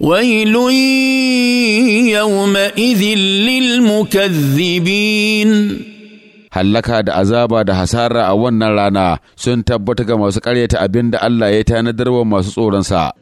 ويل يومئذ للمكذبين hallaka da azaba da hasara a wannan rana sun tabbata ga masu ƙaryata abin da Allah ya tanadar wa masu tsoronsa.